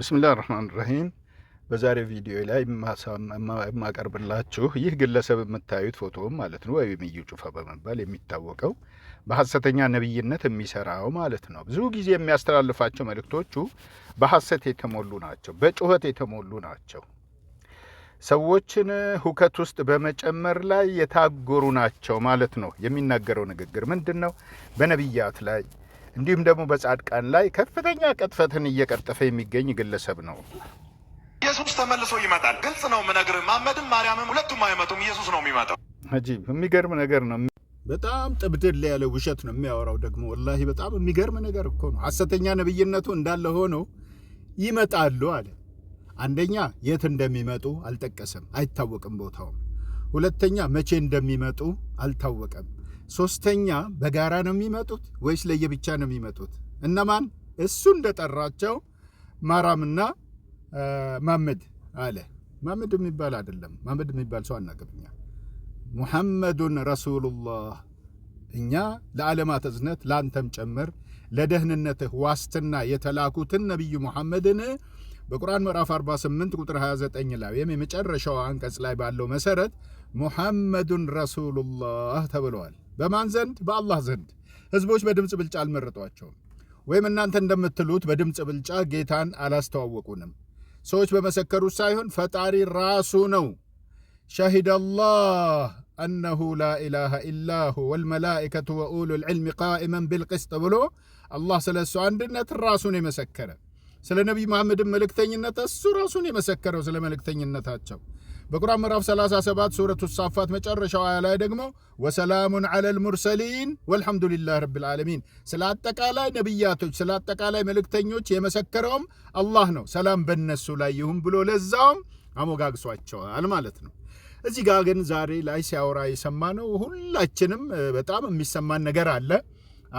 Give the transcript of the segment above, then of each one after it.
ብስሚላህ ራህማን ረሂም በዛሬ ቪዲዮ ላይ የማቀርብላችሁ ይህ ግለሰብ የምታዩት ፎቶ ማለት ነው፣ ወይም እዩ ጩፋ በመባል የሚታወቀው በሐሰተኛ ነቢይነት የሚሰራው ማለት ነው። ብዙ ጊዜ የሚያስተላልፋቸው መልእክቶቹ በሐሰት የተሞሉ ናቸው፣ በጩኸት የተሞሉ ናቸው። ሰዎችን ሁከት ውስጥ በመጨመር ላይ የታጎሩ ናቸው ማለት ነው። የሚናገረው ንግግር ምንድን ነው? በነቢያት ላይ እንዲሁም ደግሞ በጻድቃን ላይ ከፍተኛ ቅጥፈትን እየቀጠፈ የሚገኝ ግለሰብ ነው። ኢየሱስ ተመልሶ ይመጣል። ግልጽ ነው ምነግር መሐመድም ማርያምም ሁለቱም አይመጡም። ኢየሱስ ነው የሚመጣው። አጂብ የሚገርም ነገር ነው። በጣም ጥብድል ያለ ውሸት ነው የሚያወራው ደግሞ ወላሂ፣ በጣም የሚገርም ነገር እኮ ነው። ሐሰተኛ ነብይነቱ እንዳለ ሆኖ ይመጣሉ አለ። አንደኛ የት እንደሚመጡ አልጠቀሰም፣ አይታወቅም ቦታውም። ሁለተኛ መቼ እንደሚመጡ አልታወቀም። ሶስተኛ በጋራ ነው የሚመጡት ወይስ ለየብቻ ነው የሚመጡት? እነማን? እሱ እንደጠራቸው ማራምና ማመድ አለ። ማመድ የሚባል አይደለም፣ ማመድ የሚባል ሰው አናቅም እኛ። ሙሐመዱን ረሱሉላህ እኛ ለዓለማት እዝነት ለአንተም ጨምር ለደህንነትህ ዋስትና የተላኩትን ነቢዩ ሙሐመድን በቁርአን ምዕራፍ 48 ቁጥር 29 ላይ ወይም የመጨረሻው አንቀጽ ላይ ባለው መሰረት ሙሐመዱን ረሱሉላህ ተብለዋል። በማን ዘንድ? በአላህ ዘንድ። ህዝቦች በድምፅ ብልጫ አልመረጧቸውም፣ ወይም እናንተ እንደምትሉት በድምፅ ብልጫ ጌታን አላስተዋወቁንም። ሰዎች በመሰከሩት ሳይሆን ፈጣሪ ራሱ ነው። ሸሂደ አነሁ ላኢላሃ ኢላሁ ወልመላኢከቱ ወኡሉ ልዕልሚ ቃኢመን ቢልቅስጥ ብሎ አላህ ስለ እሱ አንድነት ራሱን የመሰከረ ስለ ነቢይ መሐመድን መልእክተኝነት እሱ ራሱን የመሰከረው ስለ መልእክተኝነታቸው በቁርአን ምዕራፍ 37 ሱረቱ ሳፋት መጨረሻው አያ ላይ ደግሞ ወሰላሙን አለል ሙርሰሊን ወልሐምዱሊላህ ረቢል ዓለሚን። ስለ አጠቃላይ ነቢያቶች ስለ አጠቃላይ መልእክተኞች የመሰከረውም አላህ ነው። ሰላም በነሱ ላይ ይሁን ብሎ ለዛውም አሞጋግሷቸዋል ማለት ነው። እዚህ ጋር ግን ዛሬ ላይ ሲያወራ የሰማነው ሁላችንም በጣም የሚሰማን ነገር አለ።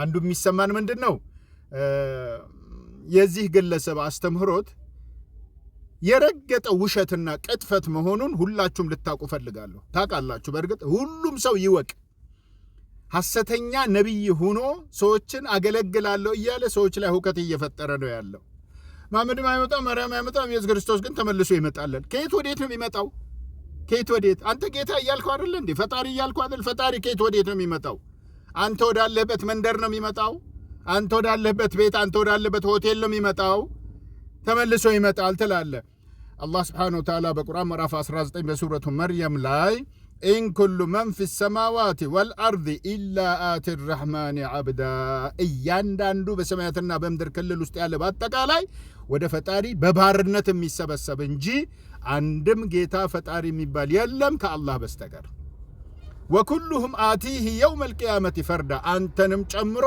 አንዱ የሚሰማን ምንድን ነው? የዚህ ግለሰብ አስተምህሮት የረገጠ ውሸትና ቅጥፈት መሆኑን ሁላችሁም ልታውቁ ፈልጋለሁ። ታውቃላችሁ፣ በእርግጥ ሁሉም ሰው ይወቅ። ሐሰተኛ ነቢይ ሆኖ ሰዎችን አገለግላለሁ እያለ ሰዎች ላይ ሁከት እየፈጠረ ነው ያለው። መሐመድም አይመጣም፣ ማርያም አይመጣም፣ ኢየሱስ ክርስቶስ ግን ተመልሶ ይመጣለን። ከየት ወዴት ነው የሚመጣው? ከየት ወዴት? አንተ ጌታ እያልከው አይደለ እንዴ? ፈጣሪ እያልከው አይደል? ፈጣሪ ከየት ወዴት ነው የሚመጣው? አንተ ወዳለህበት መንደር ነው የሚመጣው። አንተ ወዳለህበት ቤት፣ አንተ ወዳለህበት ሆቴል ነው የሚመጣው። ተመልሶ ይመጣል ትላለ። አላህ ስብሓነሁ ወተዓላ በቁርአን ምዕራፍ 19 በሱረቱ መርየም ላይ ኢን ኩሉ መን ፊ ሰማዋት ወልአርድ ኢላ አቲ ራሕማን ዓብዳ፣ እያንዳንዱ በሰማያትና በምድር ክልል ውስጥ ያለ በአጠቃላይ ወደ ፈጣሪ በባርነት የሚሰበሰብ እንጂ አንድም ጌታ ፈጣሪ የሚባል የለም ከአላህ በስተቀር። ወኩሉሁም አቲህ የውም አልቅያመት ፈርዳ፣ አንተንም ጨምሮ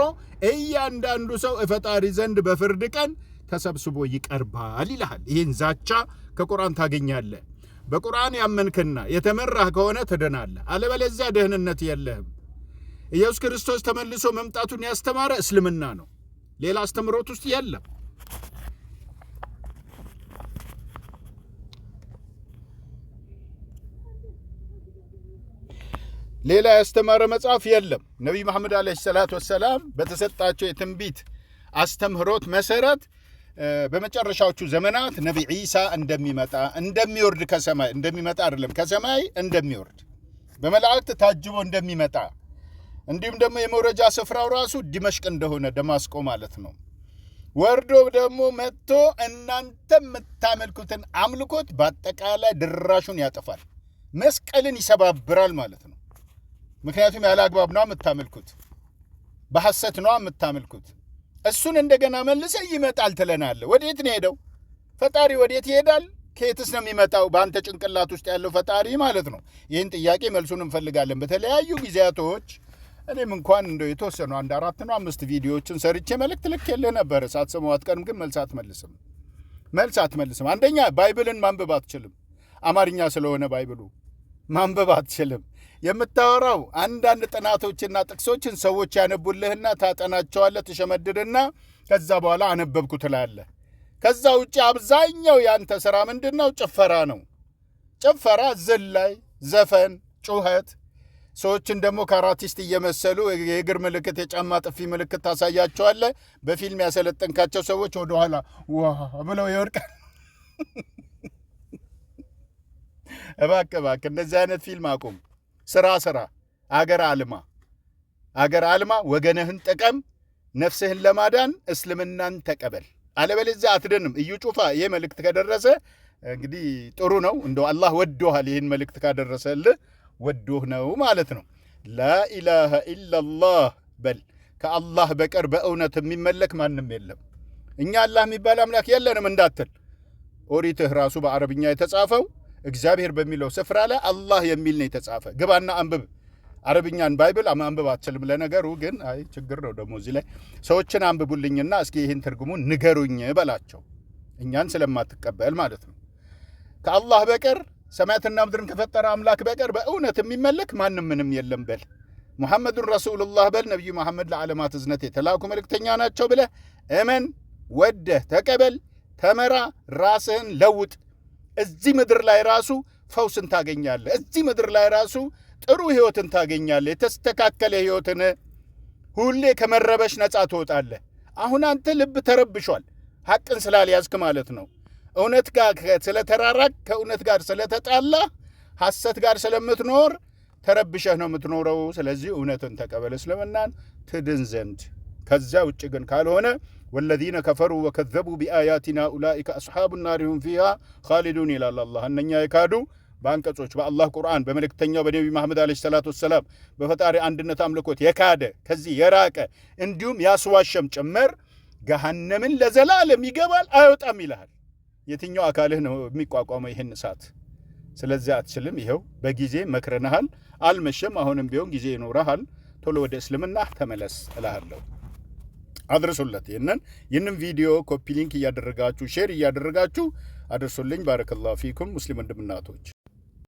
እያንዳንዱ ሰው ፈጣሪ ዘንድ በፍርድ ቀን ተሰብስቦ ይቀርባል ይልሃል። ይህን ዛቻ ከቁርአን ታገኛለህ። በቁርአን ያመንክና የተመራህ ከሆነ ትድናለህ፣ አለበለዚያ ደህንነት የለህም። ኢየሱስ ክርስቶስ ተመልሶ መምጣቱን ያስተማረ እስልምና ነው። ሌላ አስተምሮት ውስጥ የለም። ሌላ ያስተማረ መጽሐፍ የለም። ነቢይ መሐመድ አለ ሰላቱ ወሰላም በተሰጣቸው የትንቢት አስተምህሮት መሰረት በመጨረሻዎቹ ዘመናት ነቢ ዒሳ እንደሚመጣ እንደሚወርድ ከሰማይ እንደሚመጣ አይደለም ከሰማይ እንደሚወርድ በመላእክት ታጅቦ እንደሚመጣ እንዲሁም ደግሞ የመውረጃ ስፍራው ራሱ ዲመሽቅ እንደሆነ ደማስቆ ማለት ነው። ወርዶ ደግሞ መጥቶ እናንተ የምታመልኩትን አምልኮት በአጠቃላይ ድራሹን ያጠፋል፣ መስቀልን ይሰባብራል ማለት ነው። ምክንያቱም ያለ አግባብ ነዋ የምታመልኩት፣ በሐሰት ነዋ የምታመልኩት። እሱን እንደገና መልሰ ይመጣል ትለናለ። ወዴት ነው ሄደው? ፈጣሪ ወዴት ይሄዳል? ከየትስ ነው የሚመጣው? በአንተ ጭንቅላት ውስጥ ያለው ፈጣሪ ማለት ነው። ይህን ጥያቄ መልሱን እንፈልጋለን። በተለያዩ ጊዜያቶች እኔም እንኳን እንደው የተወሰኑ አንድ አራት ነው አምስት ቪዲዮዎችን ሰርቼ መልእክት ልኬልህ ነበር። ሳትሰማው አትቀርም። ግን መልስ አትመልስም፣ መልስ አትመልስም። አንደኛ ባይብልን ማንበብ አትችልም። አማርኛ ስለሆነ ባይብሉ ማንበብ አትችልም። የምታወራው አንዳንድ ጥናቶችና ጥቅሶችን ሰዎች ያነቡልህና ታጠናቸዋለህ፣ ትሸመድድና ከዛ በኋላ አነበብኩ ትላለህ። ከዛ ውጭ አብዛኛው ያንተ ስራ ምንድን ነው? ጭፈራ ነው። ጭፈራ፣ ዝላይ፣ ዘፈን፣ ጩኸት። ሰዎችን ደግሞ ከአራቲስት እየመሰሉ የእግር ምልክት፣ የጫማ ጥፊ ምልክት ታሳያቸዋለህ። በፊልም ያሰለጠንካቸው ሰዎች ወደኋላ ዋ ብለው ይወድቃል። እባክህ እባክህ፣ እንደዚህ አይነት ፊልም አቁም። ስራ ስራ፣ አገር አልማ፣ አገር አልማ፣ ወገንህን ጥቀም፣ ነፍስህን ለማዳን እስልምናን ተቀበል፣ አለበለዚያ አትድንም። እዩ ጩፋ ይህ መልእክት ከደረሰ እንግዲህ ጥሩ ነው። እንደው አላህ ወዶሃል። ይህን መልእክት ካደረሰልህ ወዶህ ነው ማለት ነው። ላኢላሃ ኢላላህ በል ከአላህ በቀር በእውነት የሚመለክ ማንም የለም። እኛ አላህ የሚባል አምላክ የለንም እንዳትል ኦሪትህ ራሱ በአረብኛ የተጻፈው እግዚአብሔር በሚለው ስፍራ ላይ አላህ የሚል ነው የተጻፈ። ግባና አንብብ። አረብኛን ባይብል አንብብ አትችልም። ለነገሩ ግን አይ ችግር ነው ደግሞ እዚህ ላይ ሰዎችን አንብቡልኝና እስኪ ይህን ትርጉሙ ንገሩኝ በላቸው። እኛን ስለማትቀበል ማለት ነው። ከአላህ በቀር ሰማያትና ምድርን ከፈጠረ አምላክ በቀር በእውነት የሚመለክ ማንም ምንም የለም በል። ሙሐመዱን ረሱሉላህ በል። ነቢዩ መሐመድ ለዓለማት እዝነት የተላኩ መልእክተኛ ናቸው ብለህ እመን፣ ወደህ ተቀበል፣ ተመራ፣ ራስህን ለውጥ። እዚህ ምድር ላይ ራሱ ፈውስን ታገኛለህ። እዚህ ምድር ላይ ራሱ ጥሩ ሕይወትን ታገኛለህ። የተስተካከለ ሕይወትን ሁሌ ከመረበሽ ነፃ ትወጣለህ። አሁን አንተ ልብ ተረብሿል፣ ሐቅን ስላልያዝክ ማለት ነው። እውነት ጋር ስለተራራቅ፣ ከእውነት ጋር ስለተጣላ፣ ሐሰት ጋር ስለምትኖር ተረብሸህ ነው የምትኖረው። ስለዚህ እውነትን ተቀበል፣ እስልምናን ትድን ዘንድ ከዚያ ውጭ ግን ካልሆነ ወለዚነ ከፈሩ ወከዘቡ ቢአያቲና ኡላኢከ አስሓቡ ናር ሁም ፊሃ ካሊዱን ይላል አላህ። እነኛ የካዱ በአንቀጾች በአላህ ቁርአን በመልእክተኛው በነቢ መሐመድ ዓለይሂ ሰላቱ ወሰላም በፈጣሪ አንድነት አምልኮት የካደ ከዚህ የራቀ እንዲሁም ያስዋሸም ጭምር ገሃነምን ለዘላለም ይገባል አይወጣም ይልሃል። የትኛው አካልህ ነው የሚቋቋመው ይህን እሳት? ስለዚህ አትችልም። ይኸው በጊዜ መክረንሃል፣ አልመሸም። አሁንም ቢሆን ጊዜ ይኖረሃል። ቶሎ ወደ እስልምና ተመለስ እልሃለሁ። አድርሱለት። ይህንን ይህንም ቪዲዮ ኮፒ ሊንክ እያደረጋችሁ ሼር እያደረጋችሁ አድርሱልኝ። ባረከላሁ ፊኩም ሙስሊም ወንድምናቶች